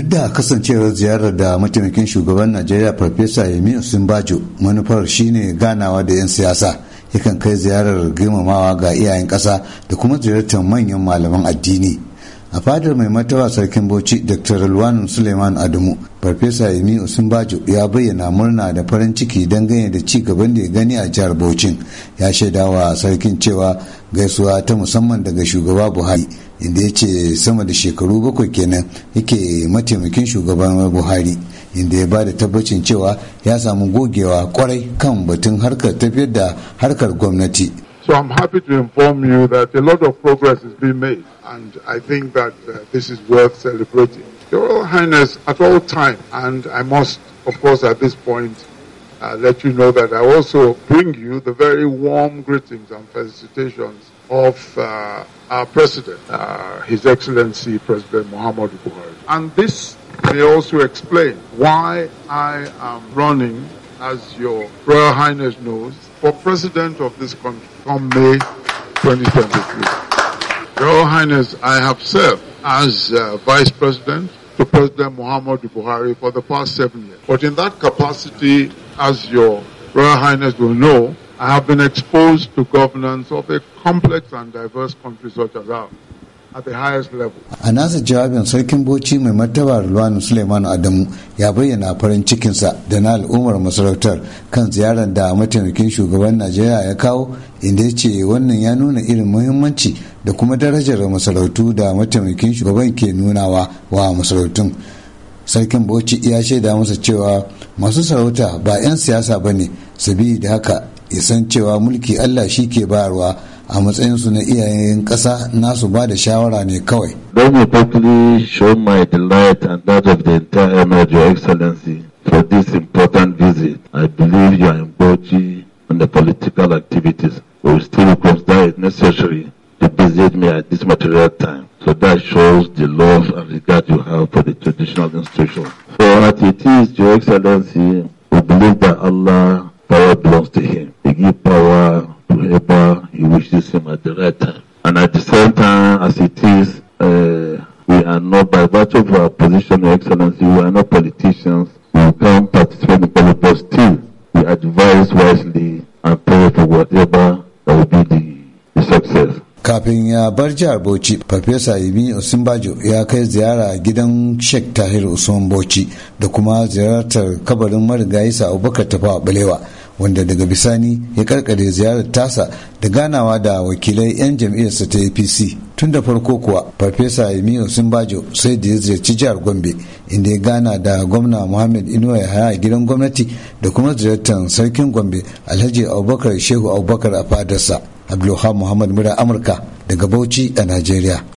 duk da kasancewar ziyarar da mataimakin shugaban najeriya farfesa yemi osinbajo manufar shine ganawa da 'yan siyasa yakan kai ziyarar girmamawa ga iyayen ƙasa da kuma ziyartar manyan malaman addini a fadar mai matawa sarkin bauchi dr alwanu suleiman adamu farfesa yemi osinbajo ya bayyana murna da farin ciki don ganye da ci gaban da ya gani a jihar bauchin ya shaidawa sarkin cewa gaisuwa ta musamman daga shugaba buhari inda ya ce sama da shekaru bakwai kenan yake mataimakin shugaban buhari inda ya ba da tabbacin cewa ya samu gogewa kwarai kan batun harkar tafiyar da harkar gwamnati So I'm happy to inform you that a lot of progress is being made, and I think that uh, this is worth celebrating. Your Royal Highness, at all time, and I must, of course, at this point, uh, let you know that I also bring you the very warm greetings and felicitations of uh, our President, uh, His Excellency President Muhammad Buhari. And this may also explain why I am running, as your Royal Highness knows, for President of this country from May 2023. Your Highness, I have served as uh, Vice President to President Muhammad Buhari for the past seven years. But in that capacity, as your Royal Highness will know, I have been exposed to governance of a complex and diverse country such as ours. at the highest level. A nasa jawabin sarkin Bauchi mai martaba Rulwanu Suleiman Adamu ya bayyana farin cikinsa da na al'ummar masarautar kan ziyarar da mataimakin shugaban Najeriya ya kawo inda ya ce wannan ya nuna irin muhimmanci da kuma darajar masarautu da mataimakin shugaban ke nunawa wa masarautun. sarkin bauchi ya shaida masa cewa masu sarauta ba 'yan siyasa ba ne da haka ya san cewa mulki allah shi ke bayarwa a matsayinsu na iyayen ƙasa nasu ba da shawara ne kawai. Let me publicly show my delight and that of the entire Emirate, Your Excellency, for this important visit. I believe you are in Bauchi on the political activities. We still consider it necessary to visit me at this material time. So that shows the love regard you have for the traditional institution. For as it is, Your Excellency, we believe that Allah, power belongs to Him. He give power to whoever He wishes Him at the right time. And at the same time, as it is, uh, we are not, by virtue of our position, Your Excellency, we are not politicians. We can't participate in politics. Still, we advise wisely and pray for whatever kafin ya bar jihar bauchi farfesa ibi osinbajo ya kai ziyara gidan sheikh tahir usman bauchi da kuma ziyartar kabarin marigayi abubakar tafawa balewa wanda daga bisani ya karkare ziyarar tasa da ganawa da wakilai 'yan jam'iyyarsa ta apc tun da farko kuwa farfesa yemi simbajo sai da ya ziyarci jihar gombe inda ya gana da gwamna muhammad inuwa ya haya gidan gwamnati da kuma ziyartar sarkin gombe alhaji abubakar shehu abubakar a fadarsa abdulhamu muhammad mura amurka daga bauchi a nigeria.